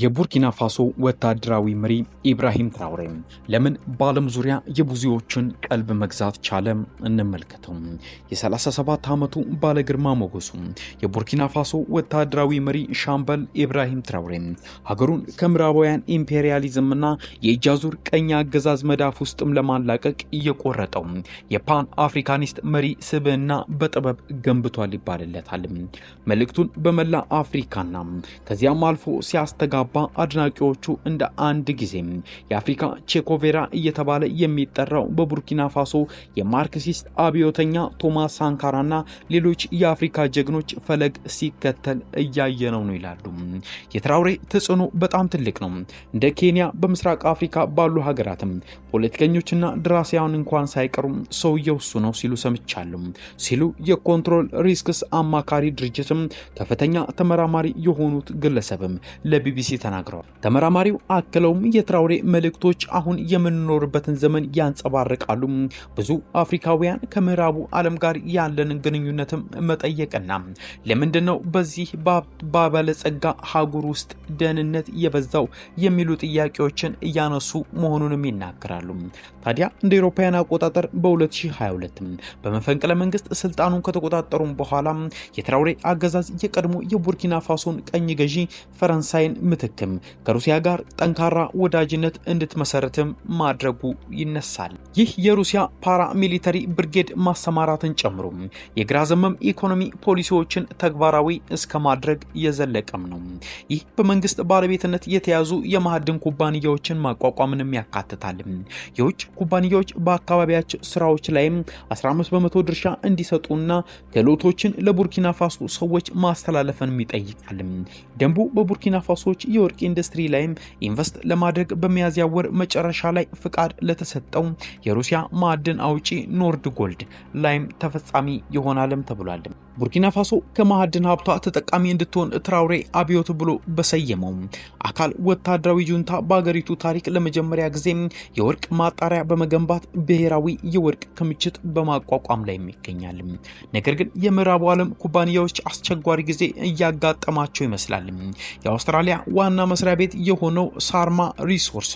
የቡርኪና ፋሶ ወታደራዊ መሪ ኢብራሂም ትራውሬ ለምን በዓለም ዙሪያ የብዙዎችን ቀልብ መግዛት ቻለ? እንመልከተው። የ37 ዓመቱ ባለግርማ ሞገሱ የቡርኪና ፋሶ ወታደራዊ መሪ ሻምበል ኢብራሂም ትራውሬ ሀገሩን ከምዕራባውያን ኢምፔሪያሊዝምና የእጃዙር ቀኝ አገዛዝ መዳፍ ውስጥም ለማላቀቅ እየቆረጠው የፓን አፍሪካኒስት መሪ ስብዕና በጥበብ ገንብቷል ይባልለታል። መልእክቱን በመላ አፍሪካና ከዚያም አልፎ ሲያስተጋ ሲጋባ አድናቂዎቹ እንደ አንድ ጊዜ የአፍሪካ ቼኮቬራ እየተባለ የሚጠራው በቡርኪና ፋሶ የማርክሲስት አብዮተኛ ቶማስ ሳንካራና ሌሎች የአፍሪካ ጀግኖች ፈለግ ሲከተል እያየ ነው ነው ይላሉ። የትራውሬ ተጽዕኖ በጣም ትልቅ ነው። እንደ ኬንያ በምስራቅ አፍሪካ ባሉ ሀገራትም ፖለቲከኞችና ድራሲያን እንኳን ሳይቀሩ ሰውየው እሱ ነው ሲሉ ሰምቻሉ ሲሉ የኮንትሮል ሪስክስ አማካሪ ድርጅትም ከፍተኛ ተመራማሪ የሆኑት ግለሰብም ለቢቢሲ ቢቢሲ ተናግረዋል። ተመራማሪው አክለውም የትራውሬ መልእክቶች አሁን የምንኖርበትን ዘመን ያንጸባርቃሉ። ብዙ አፍሪካውያን ከምዕራቡ ዓለም ጋር ያለንን ግንኙነትም መጠየቅና ለምንድን ነው በዚህ ባበለጸጋ ሀጉር ውስጥ ደህንነት የበዛው የሚሉ ጥያቄዎችን እያነሱ መሆኑንም ይናገራሉ። ታዲያ እንደ አውሮፓውያን አቆጣጠር በ2022 በመፈንቅለ መንግስት ስልጣኑን ከተቆጣጠሩም በኋላ የትራውሬ አገዛዝ የቀድሞ የቡርኪና ፋሶን ቀኝ ገዢ ፈረንሳይን ምትክም ከሩሲያ ጋር ጠንካራ ወዳጅነት እንድትመሰረትም ማድረጉ ይነሳል። ይህ የሩሲያ ፓራ ሚሊተሪ ብርጌድ ማሰማራትን ጨምሮ የግራ ዘመም ኢኮኖሚ ፖሊሲዎችን ተግባራዊ እስከ ማድረግ የዘለቀም ነው። ይህ በመንግስት ባለቤትነት የተያዙ የማዕድን ኩባንያዎችን ማቋቋምንም ያካትታል። የውጭ ኩባንያዎች በአካባቢያቸው ስራዎች ላይም 15 በመቶ ድርሻ እንዲሰጡና ክህሎቶችን ለቡርኪና ፋሶ ሰዎች ማስተላለፍንም ይጠይቃል። ደንቡ በቡርኪና የወርቅ ኢንዱስትሪ ላይም ኢንቨስት ለማድረግ በሚያዝያ ወር መጨረሻ ላይ ፍቃድ ለተሰጠው የሩሲያ ማዕድን አውጪ ኖርድ ጎልድ ላይም ተፈጻሚ ይሆናልም ተብሏል። ቡርኪና ፋሶ ከማዕድን ሀብቷ ተጠቃሚ እንድትሆን ትራውሬ አብዮት ብሎ በሰየመው አካል ወታደራዊ ጁንታ በአገሪቱ ታሪክ ለመጀመሪያ ጊዜ የወርቅ ማጣሪያ በመገንባት ብሔራዊ የወርቅ ክምችት በማቋቋም ላይ ይገኛል። ነገር ግን የምዕራቡ ዓለም ኩባንያዎች አስቸጓሪ ጊዜ እያጋጠማቸው ይመስላል። የአውስትራሊያ ዋና መስሪያ ቤት የሆነው ሳርማ ሪሶርስ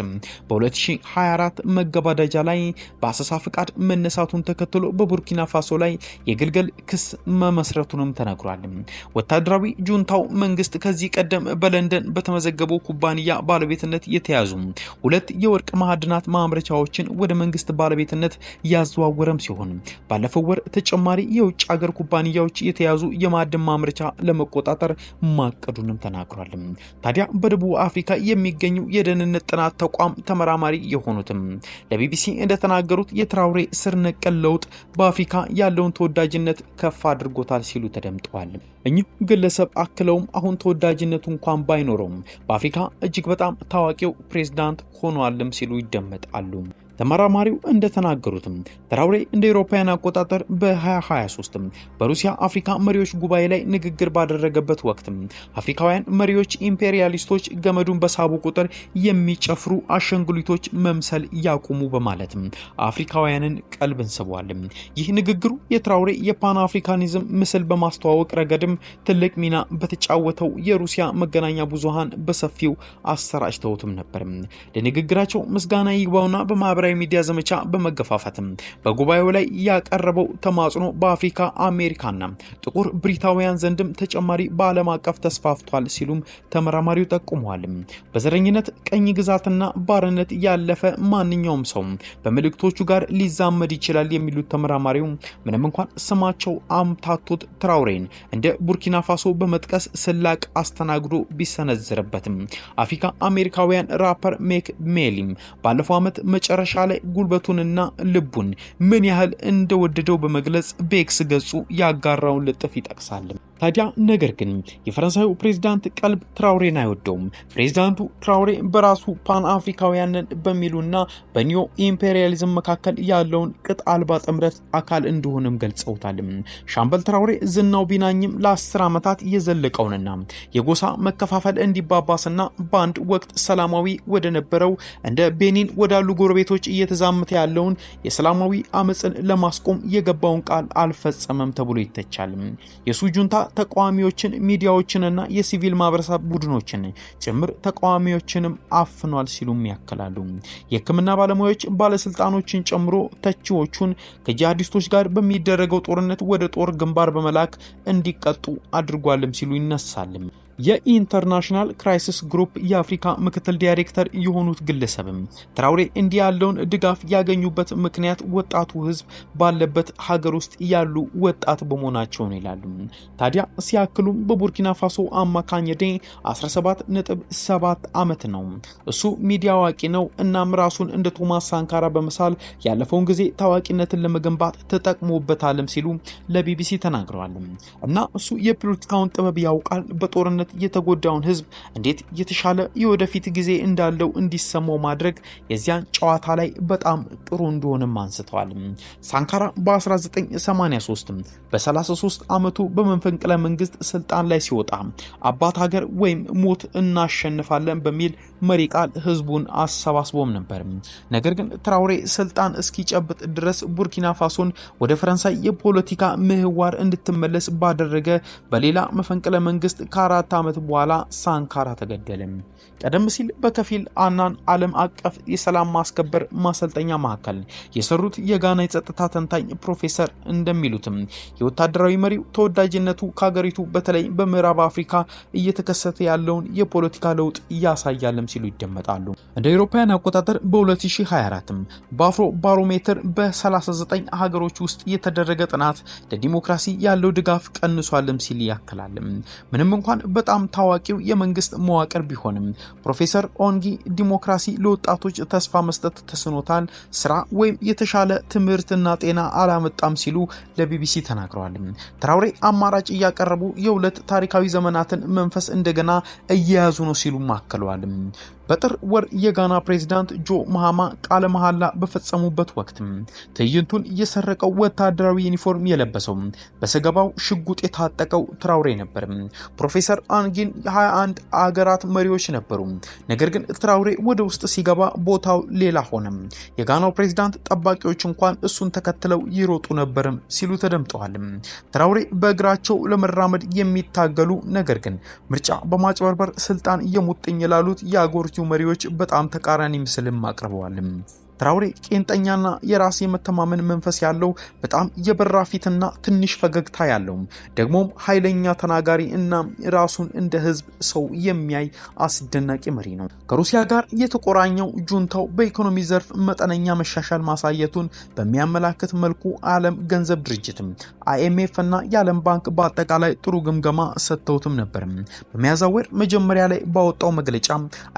በ2024 መገባደጃ ላይ በአሰሳ ፍቃድ መነሳቱን ተከትሎ በቡርኪና ፋሶ ላይ የግልገል ክስ መመስረት መመስረቱንም ተነግሯል። ወታደራዊ ጁንታው መንግስት ከዚህ ቀደም በለንደን በተመዘገበው ኩባንያ ባለቤትነት የተያዙ ሁለት የወርቅ ማዕድናት ማምረቻዎችን ወደ መንግስት ባለቤትነት ያዘዋወረም ሲሆን ባለፈው ወር ተጨማሪ የውጭ ሀገር ኩባንያዎች የተያዙ የማዕድን ማምረቻ ለመቆጣጠር ማቀዱንም ተናግሯል። ታዲያ በደቡብ አፍሪካ የሚገኙ የደህንነት ጥናት ተቋም ተመራማሪ የሆኑትም ለቢቢሲ እንደተናገሩት የትራውሬ ስር ነቀል ለውጥ በአፍሪካ ያለውን ተወዳጅነት ከፍ አድርጎታል ተሳክቶታል ሲሉ ተደምጠዋል። እኚሁ ግለሰብ አክለውም አሁን ተወዳጅነቱ እንኳን ባይኖረውም በአፍሪካ እጅግ በጣም ታዋቂው ፕሬዝዳንት ሆኗልም ሲሉ ይደመጣሉ። ተመራማሪው እንደተናገሩትም ተራውሬ እንደ ኤሮፓውያን አቆጣጠር በ2023 በሩሲያ አፍሪካ መሪዎች ጉባኤ ላይ ንግግር ባደረገበት ወቅት አፍሪካውያን መሪዎች ኢምፔሪያሊስቶች ገመዱን በሳቡ ቁጥር የሚጨፍሩ አሻንጉሊቶች መምሰል ያቁሙ በማለት አፍሪካውያንን ቀልብ ስቧል። ይህ ንግግሩ የትራውሬ የፓን አፍሪካኒዝም ምስል በማስተዋወቅ ረገድም ትልቅ ሚና በተጫወተው የሩሲያ መገናኛ ብዙሃን በሰፊው አሰራጭተውትም ነበር። ለንግግራቸው ምስጋና ይግባውና በማህበረ ማህበራዊ ሚዲያ ዘመቻ በመገፋፋትም በጉባኤው ላይ ያቀረበው ተማጽኖ በአፍሪካ አሜሪካና ጥቁር ብሪታውያን ዘንድም ተጨማሪ በዓለም አቀፍ ተስፋፍቷል ሲሉም ተመራማሪው ጠቁመዋል። በዘረኝነት ቀኝ ግዛትና ባርነት ያለፈ ማንኛውም ሰው በምልክቶቹ ጋር ሊዛመድ ይችላል የሚሉት ተመራማሪው ምንም እንኳን ስማቸው አምታቶት ትራውሬን እንደ ቡርኪና ፋሶ በመጥቀስ ስላቅ አስተናግዶ ቢሰነዝርበትም አፍሪካ አሜሪካውያን ራፐር ሜክ ሜሊም ባለፈው ዓመት መጨረሻ መጨረሻ ላይ ጉልበቱንና ልቡን ምን ያህል እንደወደደው በመግለጽ በኤክስ ገጹ ያጋራውን ልጥፍ ይጠቅሳል። ታዲያ ነገር ግን የፈረንሳዩ ፕሬዚዳንት ቀልብ ትራውሬን አይወደውም። ፕሬዚዳንቱ ትራውሬ በራሱ ፓን አፍሪካውያንን በሚሉና በኒዮ ኢምፔሪያሊዝም መካከል ያለውን ቅጥ አልባ ጥምረት አካል እንደሆነም ገልጸውታል። ሻምበል ትራውሬ ዝናው ቢናኝም ለአስር ዓመታት የዘለቀውንና የጎሳ መከፋፈል እንዲባባስና በአንድ ወቅት ሰላማዊ ወደ ነበረው እንደ ቤኒን ወዳሉ ጎረቤቶች እየተዛመተ ያለውን የሰላማዊ አመፅን ለማስቆም የገባውን ቃል አልፈጸመም ተብሎ ይተቻል። የሱ ጁንታ ተቃዋሚዎችን፣ ሚዲያዎችንና የሲቪል ማህበረሰብ ቡድኖችን ጭምር ተቃዋሚዎችንም አፍኗል ሲሉም ያክላሉ። የህክምና ባለሙያዎች ባለስልጣኖችን ጨምሮ ተቺዎቹን ከጂሃዲስቶች ጋር በሚደረገው ጦርነት ወደ ጦር ግንባር በመላክ እንዲቀጡ አድርጓልም ሲሉ ይነሳልም። የኢንተርናሽናል ክራይሲስ ግሩፕ የአፍሪካ ምክትል ዳይሬክተር የሆኑት ግለሰብም ትራውሬ እንዲህ ያለውን ድጋፍ ያገኙበት ምክንያት ወጣቱ ሕዝብ ባለበት ሀገር ውስጥ ያሉ ወጣት በመሆናቸው ነው ይላሉ። ታዲያ ሲያክሉም በቡርኪና ፋሶ አማካኝ ዕድሜ 17.7 ዓመት ነው። እሱ ሚዲያ አዋቂ ነው። እናም ራሱን እንደ ቶማስ ሳንካራ በመሳል ያለፈውን ጊዜ ታዋቂነትን ለመገንባት ተጠቅሞበታልም ሲሉ ለቢቢሲ ተናግረዋል። እና እሱ የፖለቲካውን ጥበብ ያውቃል። በጦርነት ጦርነት የተጎዳውን ህዝብ እንዴት የተሻለ የወደፊት ጊዜ እንዳለው እንዲሰማው ማድረግ የዚያን ጨዋታ ላይ በጣም ጥሩ እንደሆነም አንስተዋል። ሳንካራ በ1983 በ33 ዓመቱ በመፈንቅለ መንግስት ስልጣን ላይ ሲወጣ አባት ሀገር ወይም ሞት እናሸንፋለን በሚል መሪ ቃል ህዝቡን አሰባስቦም ነበር። ነገር ግን ትራውሬ ስልጣን እስኪጨብጥ ድረስ ቡርኪና ፋሶን ወደ ፈረንሳይ የፖለቲካ ምህዋር እንድትመለስ ባደረገ በሌላ መፈንቅለ መንግስት ከአራት ዓመት በኋላ ሳንካራ ተገደለም። ቀደም ሲል በከፊል አናን ዓለም አቀፍ የሰላም ማስከበር ማሰልጠኛ ማዕከል የሰሩት የጋና የጸጥታ ተንታኝ ፕሮፌሰር እንደሚሉትም የወታደራዊ መሪው ተወዳጅነቱ ከሀገሪቱ በተለይ በምዕራብ አፍሪካ እየተከሰተ ያለውን የፖለቲካ ለውጥ ያሳያልም ሲሉ ይደመጣሉ። እንደ አውሮፓውያን አቆጣጠር በ2024 በአፍሮ ባሮሜትር በ39 ሀገሮች ውስጥ የተደረገ ጥናት ለዲሞክራሲ ያለው ድጋፍ ቀንሷልም ሲል ያክላልም ምንም እንኳን በ በጣም ታዋቂው የመንግስት መዋቅር ቢሆንም ፕሮፌሰር ኦንጊ ዲሞክራሲ ለወጣቶች ተስፋ መስጠት ተስኖታል፣ ስራ ወይም የተሻለ ትምህርትና ጤና አላመጣም ሲሉ ለቢቢሲ ተናግረዋል። ትራውሬ አማራጭ እያቀረቡ የሁለት ታሪካዊ ዘመናትን መንፈስ እንደገና እየያዙ ነው ሲሉ አክለዋል። በጥር ወር የጋና ፕሬዚዳንት ጆ መሃማ ቃለ መሐላ በፈጸሙበት ወቅት ትዕይንቱን የሰረቀው ወታደራዊ ዩኒፎርም የለበሰው በሰገባው ሽጉጥ የታጠቀው ትራውሬ ነበር። ፕሮፌሰር አንጊን የ21 አገራት መሪዎች ነበሩ። ነገር ግን ትራውሬ ወደ ውስጥ ሲገባ ቦታው ሌላ ሆነ። የጋናው ፕሬዚዳንት ጠባቂዎች እንኳን እሱን ተከትለው ይሮጡ ነበርም ሲሉ ተደምጠዋል። ትራውሬ በእግራቸው ለመራመድ የሚታገሉ ነገር ግን ምርጫ በማጭበርበር ስልጣን የሙጥኝ ላሉት የአጎር የፓርቲው መሪዎች በጣም ተቃራኒ ምስልም አቅርበዋልም። ትራውሬ ቄንጠኛና የራስ የመተማመን መንፈስ ያለው በጣም የበራ ፊትና ትንሽ ፈገግታ ያለው ደግሞም ኃይለኛ ተናጋሪ እና ራሱን እንደ ሕዝብ ሰው የሚያይ አስደናቂ መሪ ነው። ከሩሲያ ጋር የተቆራኘው ጁንታው በኢኮኖሚ ዘርፍ መጠነኛ መሻሻል ማሳየቱን በሚያመላክት መልኩ ዓለም ገንዘብ ድርጅትም አይኤምኤፍ እና የዓለም ባንክ በአጠቃላይ ጥሩ ግምገማ ሰጥተውትም ነበር። በሚያዝያ ወር መጀመሪያ ላይ ባወጣው መግለጫ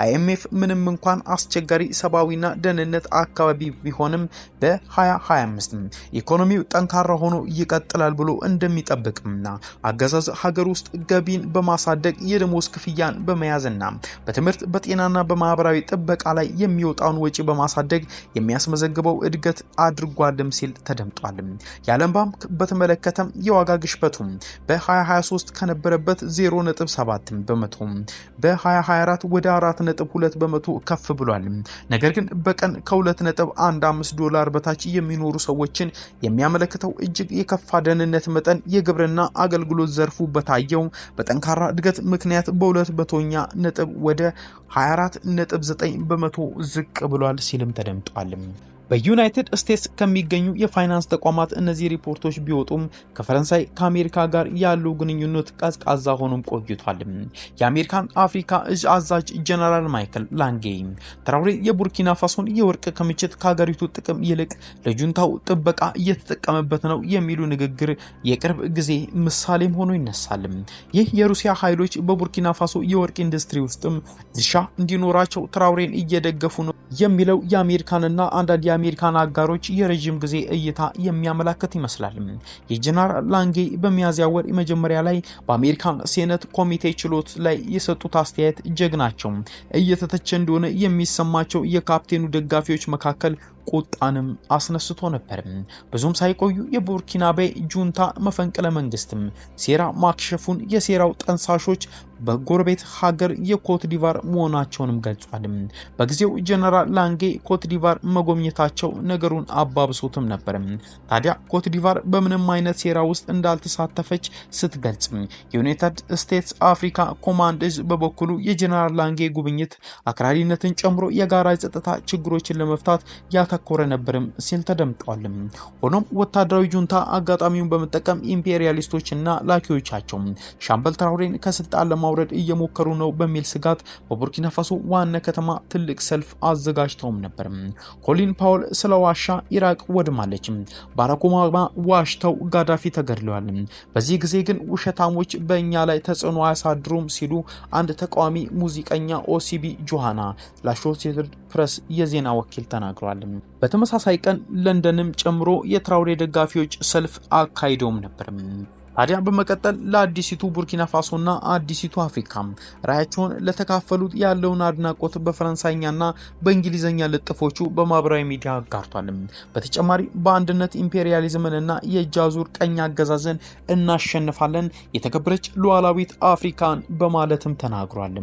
አይኤምኤፍ ምንም እንኳን አስቸጋሪ ሰብአዊና ደህንነት አካባቢ ቢሆንም በ2025 ኢኮኖሚው ጠንካራ ሆኖ ይቀጥላል ብሎ እንደሚጠብቅምና አገዛዝ ሀገር ውስጥ ገቢን በማሳደግ የደሞዝ ክፍያን በመያዝና በትምህርት በጤናና በማህበራዊ ጥበቃ ላይ የሚወጣውን ወጪ በማሳደግ የሚያስመዘግበው እድገት አድርጓልም ሲል ተደምጧል። የዓለም ባንክ በተመለከተም የዋጋ ግሽበቱ በ2023 ከነበረበት 0.7 በመቶ በ2024 ወደ 4.2 በመቶ ከፍ ብሏል። ነገር ግን በቀን ከ2 ከ2.15 ዶላር በታች የሚኖሩ ሰዎችን የሚያመለክተው እጅግ የከፋ ደህንነት መጠን የግብርና አገልግሎት ዘርፉ በታየው በጠንካራ እድገት ምክንያት በሁለት በቶኛ ነጥብ ወደ 24.9 በመቶ ዝቅ ብሏል ሲልም ተደምጧል። በዩናይትድ ስቴትስ ከሚገኙ የፋይናንስ ተቋማት እነዚህ ሪፖርቶች ቢወጡም ከፈረንሳይ ከአሜሪካ ጋር ያለው ግንኙነት ቀዝቃዛ ሆኖም ቆይቷል። የአሜሪካን አፍሪካ እዝ አዛዥ ጀነራል ማይክል ላንጌ ትራውሬ የቡርኪና ፋሶን የወርቅ ክምችት ከሀገሪቱ ጥቅም ይልቅ ለጁንታው ጥበቃ እየተጠቀመበት ነው የሚሉ ንግግር የቅርብ ጊዜ ምሳሌም ሆኖ ይነሳል። ይህ የሩሲያ ኃይሎች በቡርኪና ፋሶ የወርቅ ኢንዱስትሪ ውስጥም ድርሻ እንዲኖራቸው ትራውሬን እየደገፉ ነው የሚለው የአሜሪካንና አንዳንድ የአሜሪካን አጋሮች የረዥም ጊዜ እይታ የሚያመላክት ይመስላል። የጀነራል ላንጌ በሚያዝያ ወር መጀመሪያ ላይ በአሜሪካን ሴነት ኮሚቴ ችሎት ላይ የሰጡት አስተያየት ጀግናቸው እየተተቸ እንደሆነ የሚሰማቸው የካፕቴኑ ደጋፊዎች መካከል ቁጣንም አስነስቶ ነበር። ብዙም ሳይቆዩ የቡርኪናቤ ጁንታ መፈንቅለ መንግስትም ሴራ ማክሸፉን የሴራው ጠንሳሾች በጎረቤት ሀገር የኮትዲቫር መሆናቸውንም ገልጿል። በጊዜው ጀነራል ላንጌ ኮትዲቫር መጎብኘታቸው ነገሩን አባብሶትም ነበር። ታዲያ ኮትዲቫር በምንም አይነት ሴራ ውስጥ እንዳልተሳተፈች ስትገልጽ፣ የዩናይትድ ስቴትስ አፍሪካ ኮማንድ እዝ በበኩሉ የጀነራል ላንጌ ጉብኝት አክራሪነትን ጨምሮ የጋራ ጸጥታ ችግሮችን ለመፍታት ያ ያተኮረ ነበርም ሲል ተደምጧልም። ሆኖም ወታደራዊ ጁንታ አጋጣሚውን በመጠቀም እና ላኪዎቻቸው ሻምበል ትራውሬን ከስልጣን ለማውረድ እየሞከሩ ነው በሚል ስጋት በቡርኪና ፋሶ ዋና ከተማ ትልቅ ሰልፍ አዘጋጅተውም ነበር። ኮሊን ፓውል ስለ ዋሻ ኢራቅ ወድማለች፣ ባራክ ኦባማ ዋሽተው ጋዳፊ ተገድለዋል። በዚህ ጊዜ ግን ውሸታሞች በእኛ ላይ ተጽዕኖ አያሳድሩም ሲሉ አንድ ተቃዋሚ ሙዚቀኛ ኦሲቢ ጆሃና ለአሶሼትድ ፕረስ የዜና ወኪል ተናግሯል። በተመሳሳይ ቀን ለንደንም ጨምሮ የትራውሬ ደጋፊዎች ሰልፍ አካሂደውም ነበር። ታዲያ በመቀጠል ለአዲሲቱ ቡርኪና ፋሶና አዲሲቱ አፍሪካ ራያቸውን ለተካፈሉት ያለውን አድናቆት በፈረንሳይኛና በእንግሊዝኛ ልጥፎቹ በማህበራዊ ሚዲያ አጋርቷል። በተጨማሪ በአንድነት ኢምፔሪያሊዝምንና የጃዙር ቀኝ አገዛዝን እናሸንፋለን የተከበረች ሉዓላዊት አፍሪካን በማለትም ተናግሯል።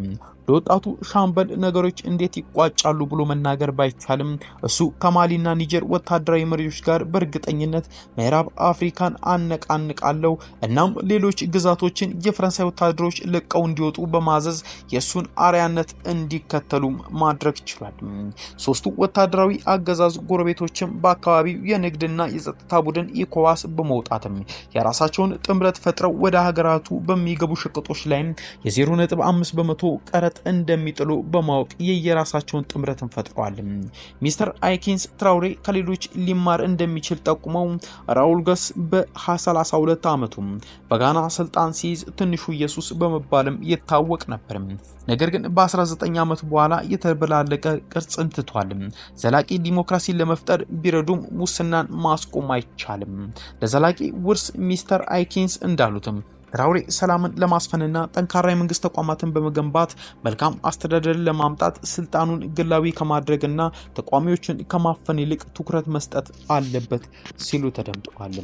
ለወጣቱ ሻምበል ነገሮች እንዴት ይቋጫሉ ብሎ መናገር ባይቻልም እሱ ከማሊና ኒጀር ወታደራዊ መሪዎች ጋር በእርግጠኝነት ምዕራብ አፍሪካን አነቃንቃለሁ እናም ሌሎች ግዛቶችን የፈረንሳይ ወታደሮች ለቀው እንዲወጡ በማዘዝ የእሱን አርያነት እንዲከተሉም ማድረግ ችሏል። ሶስቱ ወታደራዊ አገዛዝ ጎረቤቶችም በአካባቢው የንግድና የጸጥታ ቡድን ኢኮዋስ በመውጣትም የራሳቸውን ጥምረት ፈጥረው ወደ ሀገራቱ በሚገቡ ሸቀጦች ላይም የ0.5 በመቶ ቀረ ጥረት እንደሚጥሉ በማወቅ የየራሳቸውን ጥምረትን ፈጥረዋል። ሚስተር አይኪንስ ትራውሬ ከሌሎች ሊማር እንደሚችል ጠቁመው ራውል ገስ በ32 ዓመቱ በጋና ስልጣን ሲይዝ ትንሹ ኢየሱስ በመባልም ይታወቅ ነበር። ነገር ግን በ19 ዓመት በኋላ የተበላለቀ ቅርጽን ትቷል። ዘላቂ ዲሞክራሲን ለመፍጠር ቢረዱም ሙስናን ማስቆም አይቻልም። ለዘላቂ ውርስ ሚስተር አይኪንስ እንዳሉትም ብሔራዊ ሰላምን ለማስፈንና ጠንካራ የመንግስት ተቋማትን በመገንባት መልካም አስተዳደርን ለማምጣት ስልጣኑን ግላዊ ከማድረግና ተቃዋሚዎችን ከማፈን ይልቅ ትኩረት መስጠት አለበት ሲሉ ተደምጠዋል።